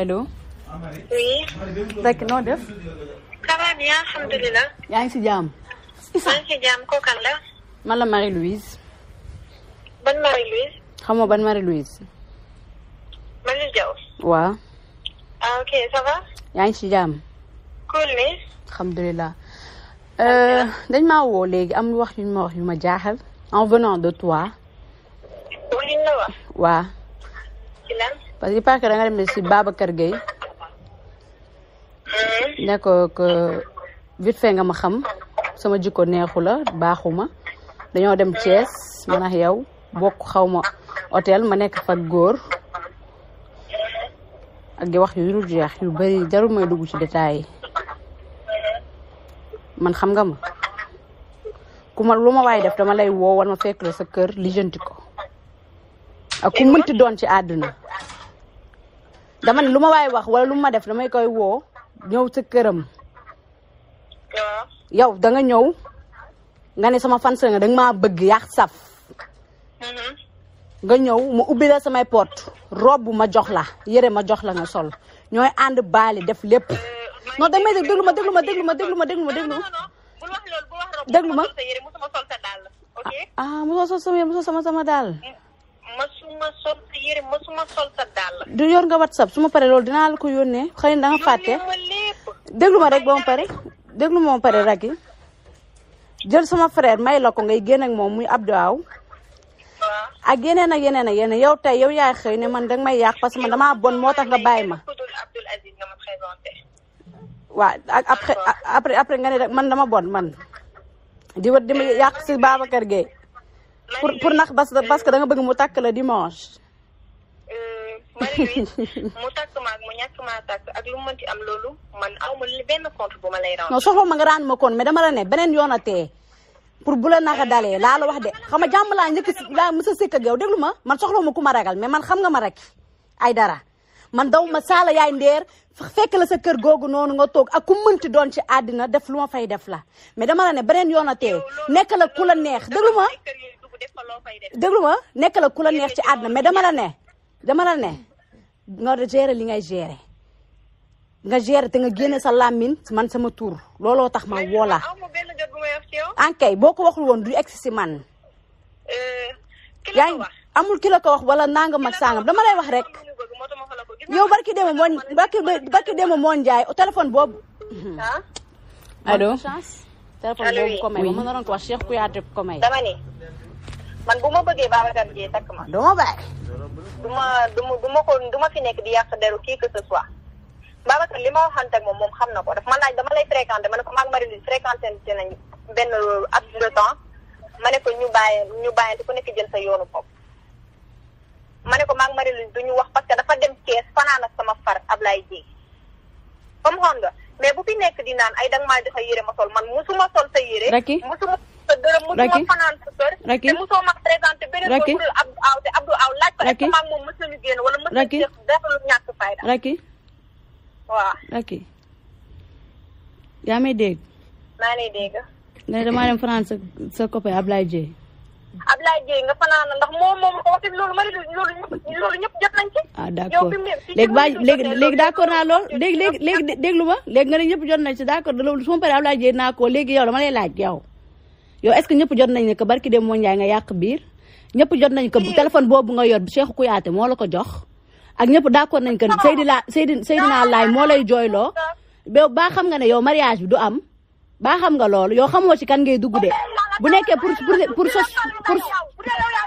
allo. oui. rek noo def. ça alhamdulilah. yaa ngi si jàmm. Issa maa ngi si man la Marie Louise. ban Marie Louise. xamoo ban Marie Louise. Marie Diaw. waaw. ah ok ça va. yaa ngi si jàmm. cool alhamdulilah. Euh, dañ maa woo léegi am wax yu ma wax yu ma jaaxal en venant de toi. wala ñu parce que parce que da nga dem si Babacar Gueye ne ko que vite nga ma xam sama jikko neexu la baaxuma dañoo dem Thiès man ak yow bokk xaw ma hôtel ma nekk fa góor a di wax yu dul jeex yu bari jarul may dugg ci détails yi man xam nga ma ku ma lu ma waay def dama lay woo wal ma fekk la sa kër lijjanti ko ak ku mënti doon ci àdduna dama ne lu ma waay wax wala lu ma def damay koy woo ñëw sa këram. yow da nga ñëw nga ne sama fans nga da maa bëgg yaax saf. nga ñëw ma ubbi la samay porte robe ma jox la yére ma jox la nga sol ñooy ànd bali def lépp. non danga may dégg déglu ma déglu ma déglu ma déglu ma déglu ma déglu ma. déglu ma ah ah mosoo sol sama yére mosoo sama sama daal. mosuma sol sa du yor nga whatsapp su ma paree loolu dinaa la ko yónnee xëy na da nga fàtte. déglu rek ba mu pare déglu ma pare ah. rek yi jël suma frère may la ko nga génn ak moom muy Abdou Aw ah. ak geneen a yeneen ak yeneen yow tey yow yaay xëy ne man danga may yàq parce que man damaa bon moo tax nga bàyyi ma. waaw après après nga ne rek man dama bon man di wër di ma yàq si Babacar Gueye. pour pour ndax parce que da nga bëgg mu tàkk la dimanche. Euh, Marie-Louise mu tàkk ma ak mu ñàkk maa tàkk ak lu mu mënti am loolu man aw ma benn compte bu ma lay rendre. non soxla ma nga rendre ma compte mais dama la ne beneen yoon a tee pour bu la naxa dalee laa la wax de xam nga jàmm laa njëkk si laa mos a sëkk ak yow déglu ma man soxla ma ku ma ragal mais man xam nga ma rek ay dara man daw ma saala yaay ndeer fekk la sa kër googu noonu nga toog ak ku mënti doon ci àddina def lu ma fay def la mais dama la ne beneen yoon a tee nekk la ku la neex déglu ma. def ko nekk la ku la neex ci àdduna mais dama la ne dama la ne nga gérer li ngay gérer nga gérer te nga génne sa làmmiñ man sama tur looloo tax ma woo la. boo ko waxul woon du egg si man. Euh, yaa ngi amul ki la ko wax wala nangam ak sangam dama wax rek. yow barki démb moo barki barki démb moo njaay téléphone boobu. Ah? allo. téléphone boobu ko may ma naroon ko wax Cheikh Kouyaté ko may. dama ne. man bu ma bëggee Babacar Dieye takk ma. du ma bàyyi. du ma du ma du ma ko du ma fi nekk di yàq deru kii que ce soit Babacar li ma waxante ak moom moom xam na ko daf ma laaj dama lay fréquenté ma ne ko maag Marie-Louise fréquenté nañ benn ab de temps ma ne ko ñu bàyyi ñu bàyyante ku nekk jël sa yoonu bopp. ma ne ko maag Marie-Louise du ñu wax parce que dafa dem Thiès fanaan ak sama far Ablaye Dieye comme xam nga mais bu fi nekk di naan ay danga maa joxe yére ma sol man musuma sol sa yére. musuma sa dërëm musuma fanaan sa kër te musoo ma présenté beneen ko dul Abdou Aw te Abdou Aw laaj ko est-ce que maag moom mës nañu génn wala mës nañu def def lu ñàkk fayda Racky waaw Racky yaa may dégg maa lay dégg ne damaa dem fanaan sa sa copain Ablaye Dieye Ablaye Dieye nga fanaan ko fi loolu ma ne loolu loolu ñëpp jot nañ ci ah d'accord léegi baa léegi léegi d'accord naa lool léegi léegi léegi déglu ma nga jot nañ ci d'accord loolu su ma paree Ablaye Dieye naa ko léegi yow dama lay laaj yow yow est que ñëpp jot nañ ne que barki dem moo njaay nga yàq biir ñëpp jot nañ que téléphone boobu nga yor Cheikh yaate moo la ko jox ak ñëpp d'accord nañ que Seydi la Seydi Seydina Laay moo lay jooyloo ba baa xam nga ne yow mariage bi du am baa xam nga loolu yow xamoo ci kan ngay dugg de bu nekkee pour pour pour